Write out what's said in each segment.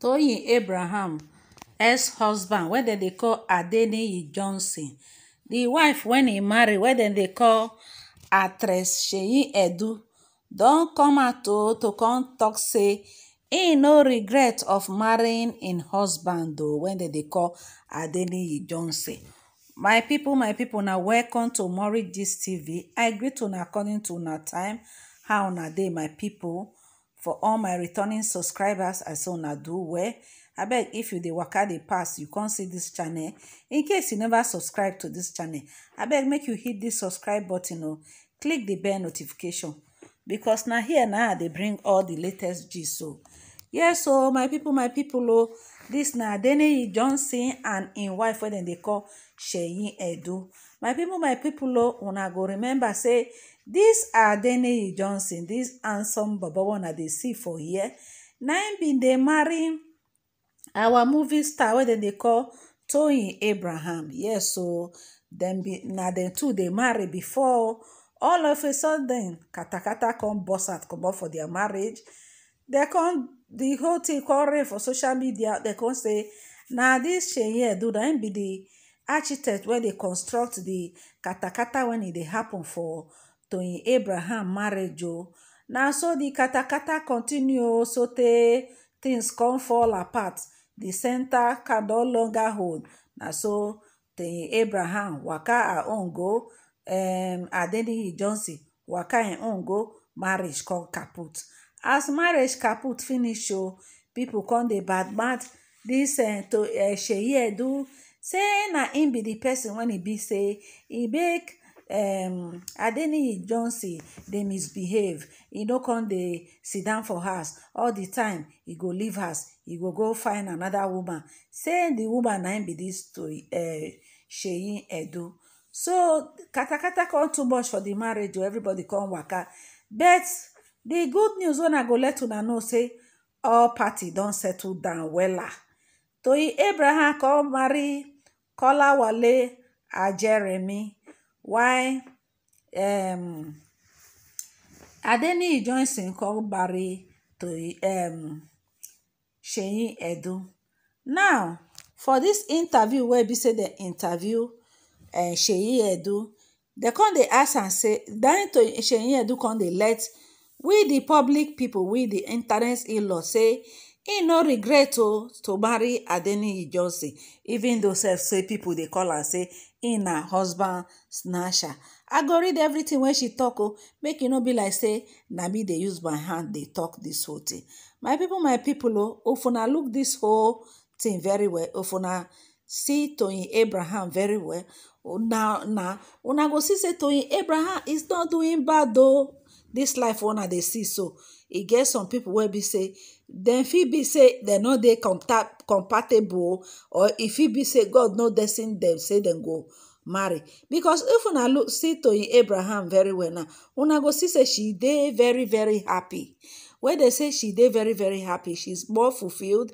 toyin abraham ex-husband wey dem dey call adeniyi johnson di wife wen e marry wey dem dey call actress seyi edu don come out to to come talk say e no regret of marrying im husband o wey dem dey call adeniyi johnson my pipo my pipo na welcome to mori gist tv i greet una according to una time how una dey my pipo for all my returning subscribers as soon una do well beg if you dey waka dey pass you come see this channel in case you never subscribe to this channel I beg make you hit this subscribe button o oh. click the bell notification because na here na i dey bring all the latest gist So oh. yes o oh, my people, my pipo o dis na adeneyi johnson and im wife wey dem dey call sheyi edo my people my people o una go remember say dis adeniyi johnson this handsome baba one they see for here Nine im they marry our movie star where they call Tony abraham yes be, na dem two they marry before all of a sudden katakata come burst out comot for their marriage They come di whole thing call for social media They come say na dis shey do na im be di architect wey dey construct the katakata when e dey happen for to toyin abraham marriage o na so the katakata continue o oh, sotey things come fall apart The center car don longer hold na so to toyin abraham waka her own go um adeniyi johnson waka im own go marriage come kaput as marriage kaput finish o oh, people come dey badmouth dis um uh, to um sheyi edu say na im be di pesin wen e be say e make um, adeniyi johnson dey misbehave e no come dey down for house all di time e go leave house e go go find anoda woman say di woman na im be dis to um, sheyi edo so katakata come too much for di marriage o everybody come waka but di good news wey i go let una know say all party don settle down wella toyi abraham come marry. kọ́láwọlé àjẹrẹ̀mí why um, adeniyi johnson nkobari to um, seyin edun now for this interview wey be say dem interview uh, seyin edun dem come dey ask am say dan to seyin Edo. come dey let we the public people. we the internet in-law say e no regret o to marry adeniyi johnson even though sef say pipo dey call am say e na husband snatcher i go read everything wey she talk o make e no be like say na me dey use my hand dey talk this whole thing my people my pipo o if una look this whole thing very well if una see toyin abraham very well na una go see say toyin abraham is not doing bad o This life una dey see so He get some people when be say then fit be say they no dey compatible or if he be say god no destined them say dem go marry because if una look see to abraham very well now una go see say she they very very happy when they say she they very very happy she's more fulfilled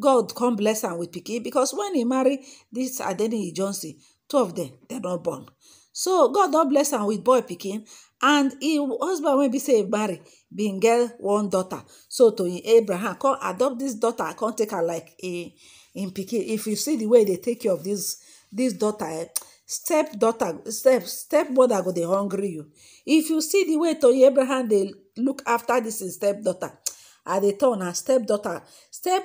god come bless her with Piki, because when he marry this adeniyi johnson two of they're not born so god don bless am with boy pikin and im e, husband wey be say e im marry bin get one daughter so to im abraham come adopt dis daughter come take her like e, im pikin if you see the way e dey take care of dis daughter eh step daughter step step mother go dey hungry you if you see the way toyin abraham dey look after dis step daughter i dey turn una step daughter step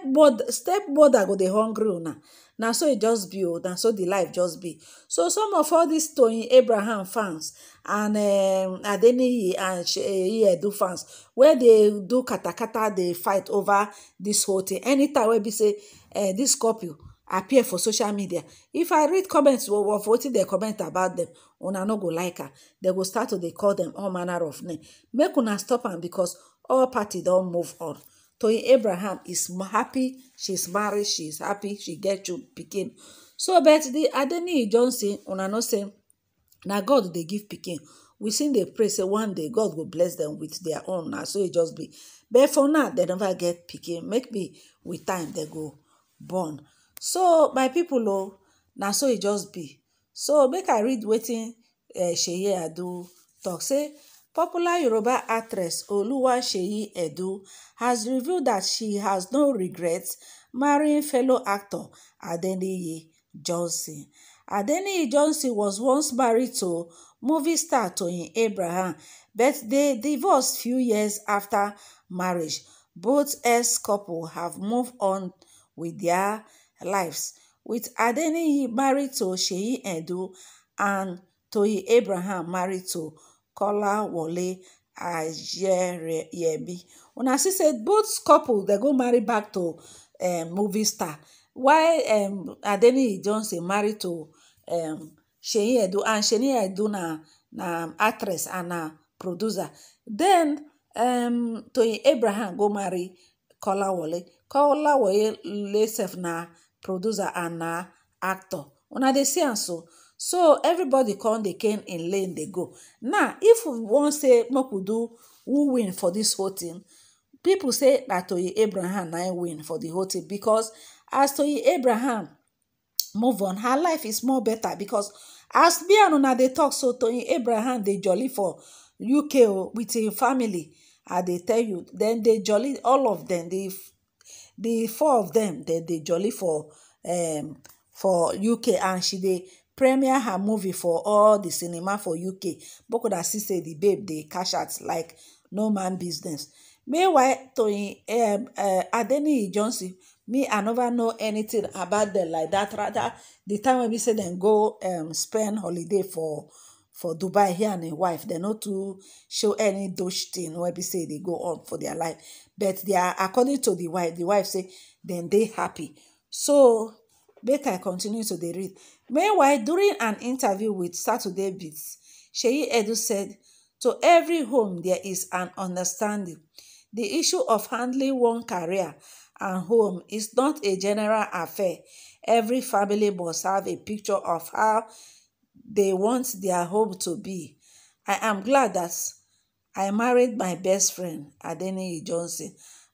mother go dey hungry una na so e just be o oh, na so di life just be so some of all these Tony abraham fans and um, adeniyi and eh, iyedu fans wey dey do katakata dey fight over this whole thing anytime wey be say eh, this couple appear for social media if i read comments of wetin dem comment about dem una no go like am dem go start to dey call them all manner of name make una stop am because all party don move on Toyin Abraham is happy, she's married, she's happy, she get to pikin. So but the Adeniyi Johnson, una know say now God they give picking. We sing dey pray say one day God will bless them with their own. Na so it e just be. But for now, they never get picking. Make be with time they go born. So my people oh, now so it e just be. So make I read wetin uh, eh, Sheye do talk say Popular Yoruba actress Oluwaseyi Edo has revealed that she has no regrets marrying fellow actor Adeniyi Johnson. Adeniyi Johnson was once married to movie star Toyin Abraham, but they divorced few years after marriage. Both ex-couple have moved on with their lives, with Adeniyi married to Seyi Edo and Toyin Abraham married to Kola Kolawole Ajeyemi. Una see say both couple they go marry back to um, movie star Why um, Adeniyi Johnson married to um, Seyi Edun and Seyi Edun na na actress and a producer. Then um, to Abraham go marry Kola Wole. Kola Wole sef na producer and a actor. Una dey see am so so everybody come dey came in lane dey go now if we wan say make we do who win for this whole thing people say na toye abraham na win for the whole thing because as toye abraham move on her life is more better because as me and una dey talk so toye abraham dey jolly for uk with im family i dey tell you dem dey jolly all of dem the four of dem dem dey jolly for um for uk and she dey premiere her movie for all the cinema for uk bokoda see say the babe dey cash out like no man business meanwhile toyin um, uh, adeniyi johnson me i never know anything about them like that. rather the time when we say dem go um spend holiday for for dubai here and im wife they not to show any dosh thing. wey we say they go on for their life but they are according to the wife The wife say then they happy so make i continue to dey read meanwhile during an interview with saturday beats sheyi edu said to every home there is an understanding the issue of handling one career and home is not a general affair every family must have a picture of how they want their home to be i am glad that i married my best friend adeniyi johnson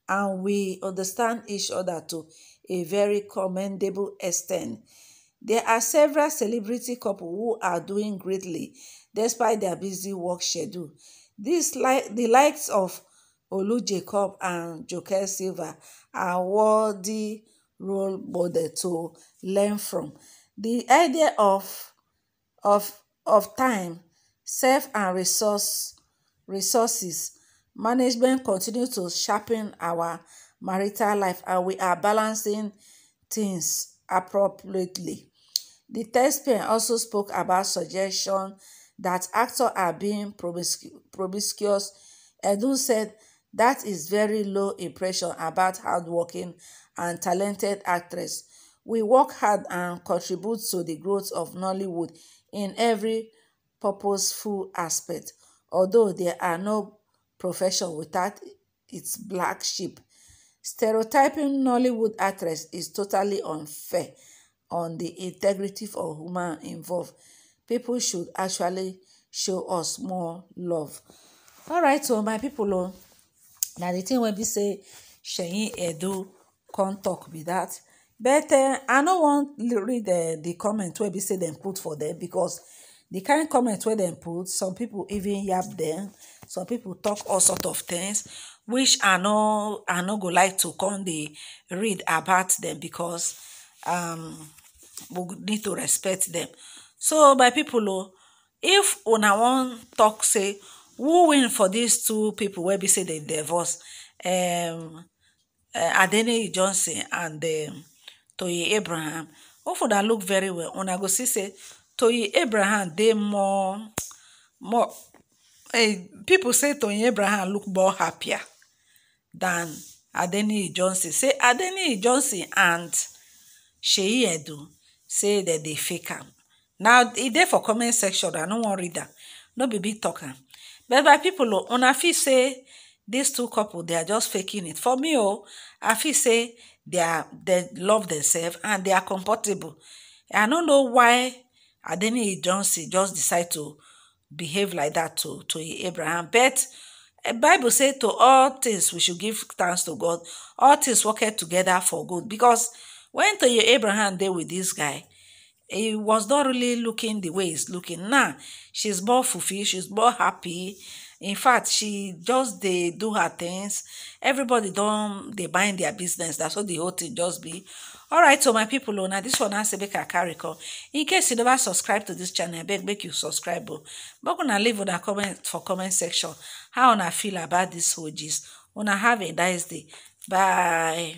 and we understand each other too a very commendable extent. There are several celebrity couples who are doing greatly despite their busy work schedule. This like the likes of Olu Jacob and Joke Silva are worthy role model to learn from. The idea of of of time, self and resource resources management continue to sharpen our marital life and we are balancing things appropriately. The test pen also spoke about suggestion that actors are being promiscuous. Edun said that is very low impression about hardworking and talented actress. We work hard and contribute to the growth of Nollywood in every purposeful aspect, although there are no profession without its black sheep. Stereotyping Nollywood actress is totally unfair on the integrity of human involved. People should actually show us more love. Alright o, so my people o, na the thing wey be say Seyi Edo come talk be that. But uh, I no wan read uh, the comment wey be say dem put for there because the kind comment where they put some people even yap them, some people talk all sort of things which i no i no go like to come they read about them because um we need to respect them. so my people, oh, if una one talk say who win for these two people where we say they divorce um eh, adeneyi johnson and um toye abraham that look very well I go see say Toyin Abraham they more more hey, eh, people say Toyin Abraham look more happier than Adeniyi Johnson. Say Adeniyi Johnson and Sheyi Edu say that they fake him. Now e there for comment section. I don't want read do No be big talker. But by people on oh, una say these two couple they are just faking it. For me oh, I feel say they are they love themselves and they are comfortable. I don't know why and then he just decide to behave like that to, to Abraham. But eh, Bible says to all things we should give thanks to God. All things work together for good. Because when to Abraham there with this guy, he was not really looking the way he's looking now. She's more fulfilled. She's more happy. In fact, she just they do her things. Everybody don't they mind their business. That's what the whole thing just be alright so my people o oh, na dis one na say make i carry in case you never subscribe to this channel beg make you subscribe o oh. make una leave una comment for comment section how una feel about dis whole gist una have a nice day bye